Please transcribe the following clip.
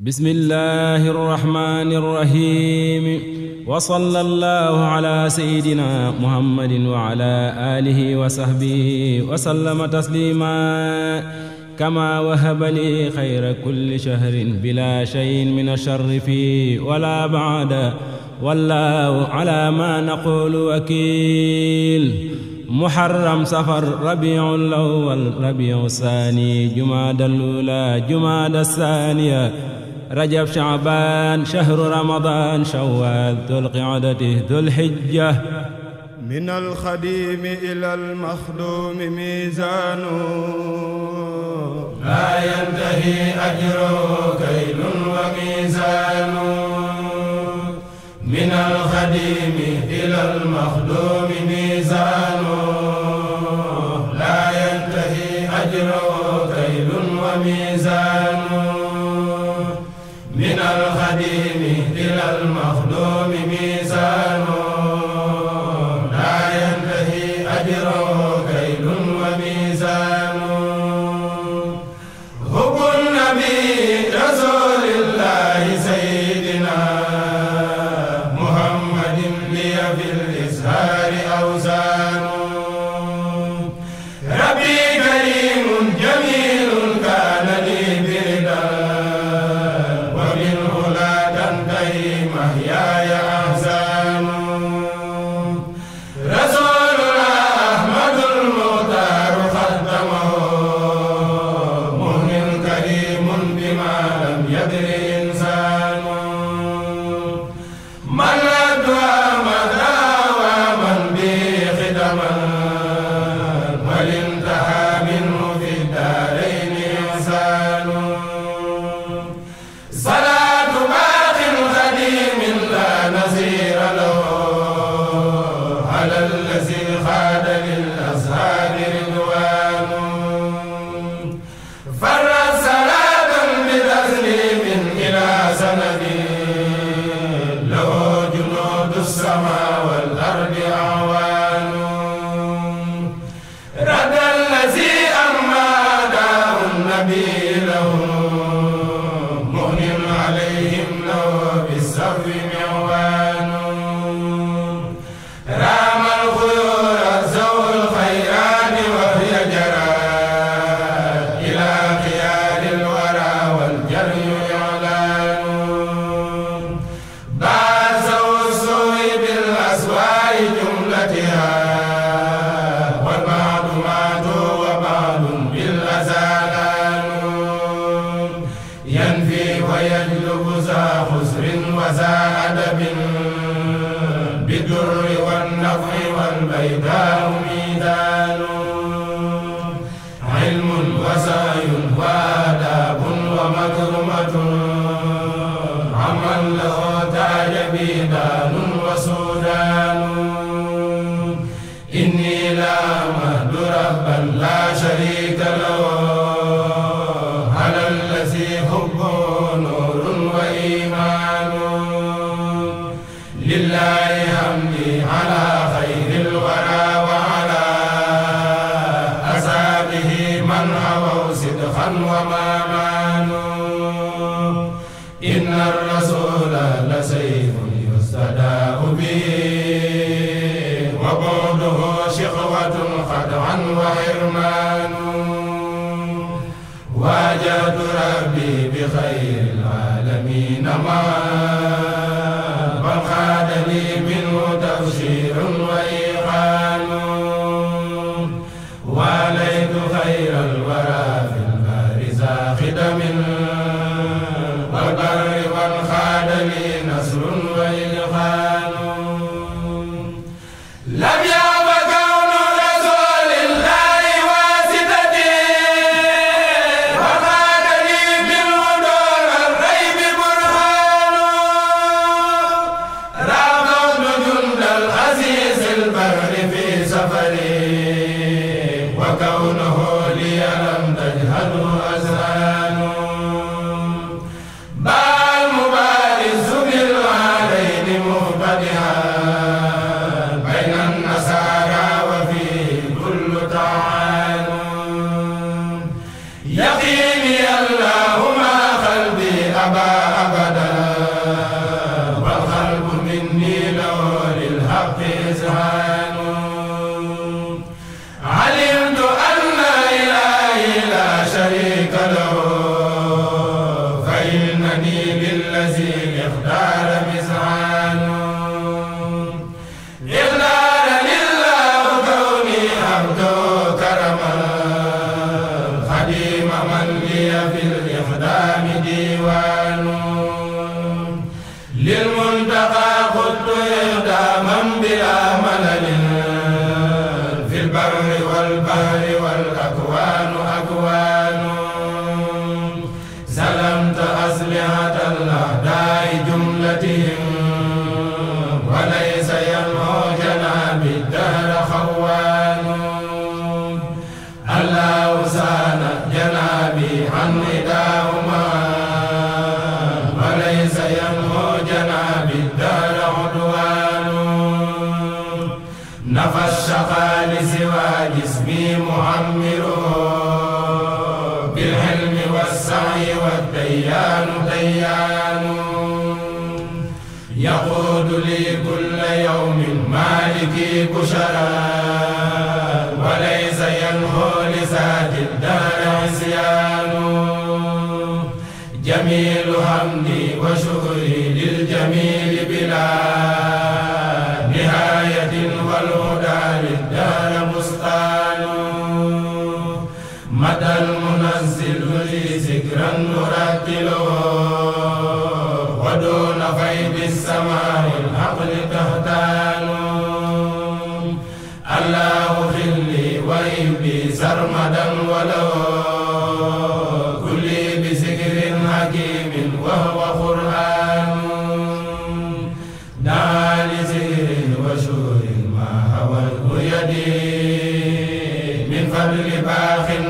bismillaahi rahmaani rahiim wa sallallaahu alaa sayyidinaa muhammadin wa alaa aalihi wa sahbihi wa sallama tasliimaa kamaa wahaba lii xayra kulli shahrin bilaa shay'in mina sharri fii walaa ba'da wallaahu alaa maa naquulu wakiil muharram safar rabiul awwal rabiul saani jumaadal uulaa jumaada saaniya rajab shaaban shahru ramadan shawwal dul qi'adati dul hijja min alxadimi ila almaxdumi mizaanu laa yantahi ajru kaylun wa mizaanu min alxadimi ila almaxdumi mizaanu laa yantahi ajru kaylun wa mizaanu الذي خاد لله الدر والنفع والبيداء ميدان علم وسعي وآداب ومكرمة عمن له تعجبي دان الرسول لسيف يستداء به وبعده شقوة خدعا وحرمان واجهت ربي بخير العالمين ما yaqiim yàlla diwaanu lil muntaqa xuttu yutaaman bila malalin fil barri wal bahri wal akwaanu akwaanu salamta aslihatal ahdaai jumlatihim walaysa yanhu janaabi dahra xawaanu allah سوى جسمي معمر بالحلم والسعي والديان ديان يقود لي كل يوم مالكي بشرا الهدى للدار بستان مدى المنزل لي ذكرا نرتله ودون غيب السماء العقل تهتان الله خلي ويبي سرمدا ولو li baaxin